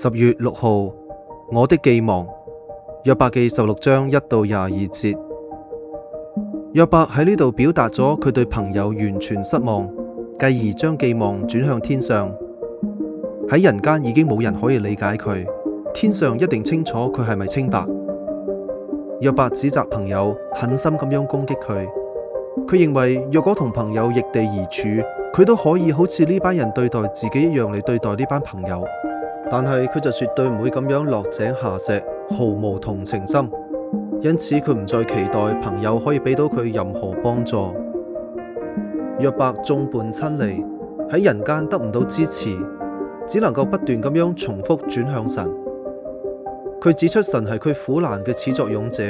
十月六號，我的寄望，約伯記十六章一到廿二節。約伯喺呢度表達咗佢對朋友完全失望，繼而將寄望轉向天上。喺人間已經冇人可以理解佢，天上一定清楚佢係咪清白。約伯指責朋友狠心咁樣攻擊佢，佢認為若果同朋友易地而處，佢都可以好似呢班人對待自己一樣嚟對待呢班朋友。但係佢就絕對唔會咁樣落井下石，毫無同情心。因此佢唔再期待朋友可以俾到佢任何幫助。約伯眾叛親離，喺人間得唔到支持，只能夠不斷咁樣重複轉向神。佢指出神係佢苦難嘅始作俑者，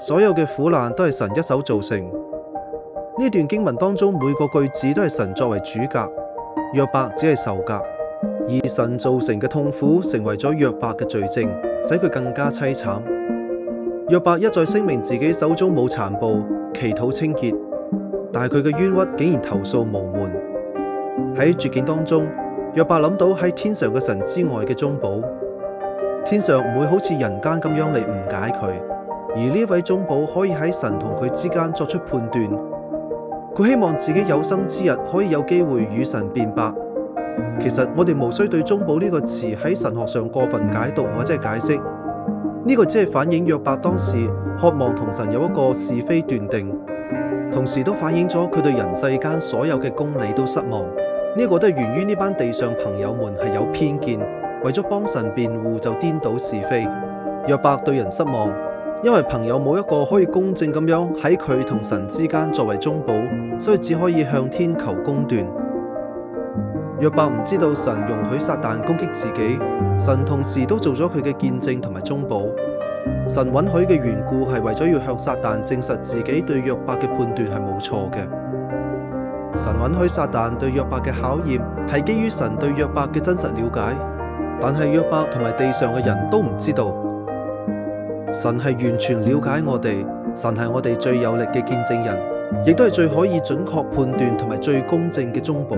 所有嘅苦難都係神一手造成。呢段經文當中每個句子都係神作為主格，約伯只係受格。而神造成嘅痛苦，成為咗約伯嘅罪證，使佢更加凄慘。約伯一再聲明自己手中冇殘暴，祈禱清潔，但係佢嘅冤屈竟然投訴無門。喺絕境當中，約伯諗到喺天上嘅神之外嘅中保，天上唔會好似人間咁樣嚟誤解佢，而呢位中保可以喺神同佢之間作出判斷。佢希望自己有生之日可以有機會與神辯白。其實我哋無需對中保呢個詞喺神學上過分解讀或者解釋，呢個只係反映約伯當時渴望同神有一個是非斷定，同時都反映咗佢對人世間所有嘅公理都失望。呢個都係源於呢班地上朋友們係有偏見，為咗幫神辯護就顛倒是非。約伯對人失望，因為朋友冇一個可以公正咁樣喺佢同神之間作為中保，所以只可以向天求公斷。約伯唔知道神容許撒旦攻擊自己，神同時都做咗佢嘅見證同埋中保。神允許嘅緣故係為咗要向撒旦證實自己對約伯嘅判斷係冇錯嘅。神允許撒旦對約伯嘅考驗係基於神對約伯嘅真實了解，但係約伯同埋地上嘅人都唔知道。神係完全了解我哋，神係我哋最有力嘅見證人，亦都係最可以準確判斷同埋最公正嘅中保。